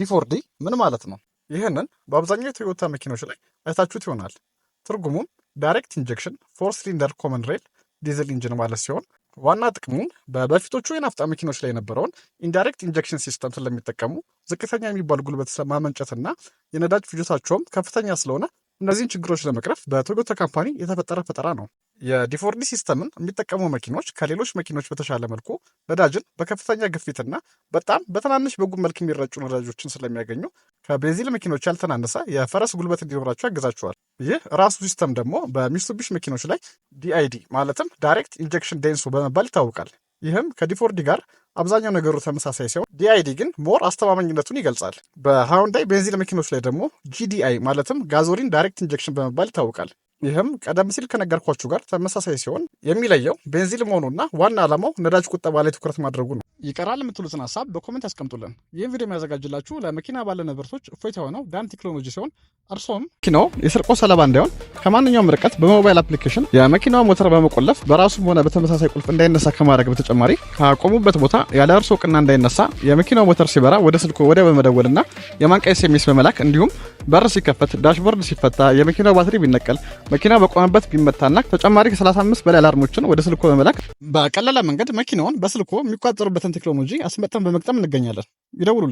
ዲፎርዲ ምን ማለት ነው? ይህንን በአብዛኛው የቶዮታ መኪኖች ላይ አይታችሁት ይሆናል። ትርጉሙም ዳይሬክት ኢንጀክሽን ፎር ሲሊንደር ኮመን ሬል ዲዝል ኢንጂን ማለት ሲሆን ዋና ጥቅሙም በበፊቶቹ የናፍጣ መኪኖች ላይ የነበረውን ኢንዳይሬክት ኢንጀክሽን ሲስተም ስለሚጠቀሙ ዝቅተኛ የሚባል ጉልበት ማመንጨትና የነዳጅ ፍጆታቸውም ከፍተኛ ስለሆነ እነዚህን ችግሮች ለመቅረፍ በቶዮታ ካምፓኒ የተፈጠረ ፈጠራ ነው። የዲፎርዲ ሲስተምን የሚጠቀሙ መኪኖች ከሌሎች መኪኖች በተሻለ መልኩ ነዳጅን በከፍተኛ ግፊትና በጣም በትናንሽ በጉም መልክ የሚረጩ ነዳጆችን ስለሚያገኙ ከቤንዚን መኪኖች ያልተናነሰ የፈረስ ጉልበት እንዲኖራቸው ያግዛቸዋል። ይህ ራሱ ሲስተም ደግሞ በሚሱቢሽ መኪኖች ላይ ዲአይዲ ማለትም ዳይሬክት ኢንጀክሽን ዴንሶ በመባል ይታወቃል። ይህም ከዲፎርዲ ጋር አብዛኛው ነገሩ ተመሳሳይ ሲሆን ዲአይዲ ግን ሞር አስተማማኝነቱን ይገልጻል። በሃውንዳይ ቤንዚን መኪኖች ላይ ደግሞ ጂዲአይ ማለትም ጋዞሊን ዳይሬክት ኢንጀክሽን በመባል ይታወቃል። ይህም ቀደም ሲል ከነገርኳችሁ ጋር ተመሳሳይ ሲሆን የሚለየው ቤንዚን መሆኑና ዋና ዓላማው ነዳጅ ቁጠባ ላይ ትኩረት ማድረጉ ነው። ይቀራል የምትሉትን ሀሳብ በኮሜንት ያስቀምጡልን። ይህም ቪዲዮ የሚያዘጋጅላችሁ ለመኪና ባለ ንብረቶች እፎይታ የሆነው ዳን ቴክኖሎጂ ሲሆን እርሶም መኪናው የስርቆ ሰለባ እንዳይሆን ከማንኛውም ርቀት በሞባይል አፕሊኬሽን የመኪናው ሞተር በመቆለፍ በራሱም ሆነ በተመሳሳይ ቁልፍ እንዳይነሳ ከማድረግ በተጨማሪ ካቆሙበት ቦታ ያለ እርሶ እውቅና እንዳይነሳ የመኪናው ሞተር ሲበራ ወደ ስልኮ ወዲያ በመደወልና የማንቂያ ኤስኤምኤስ በመላክ እንዲሁም በር ሲከፈት፣ ዳሽቦርድ ሲፈታ፣ የመኪናው ባትሪ ቢነቀል፣ መኪናው በቆመበት ቢመታና ተጨማሪ ከ35 በላይ አላርሞችን ወደ ስልኮ በመላክ በቀላል መንገድ መኪናውን በስልኮ የሚቋጠሩበትን ቴክኖሎጂ አስመጥተን በመቅጠም እንገኛለን። ይደውሉልን።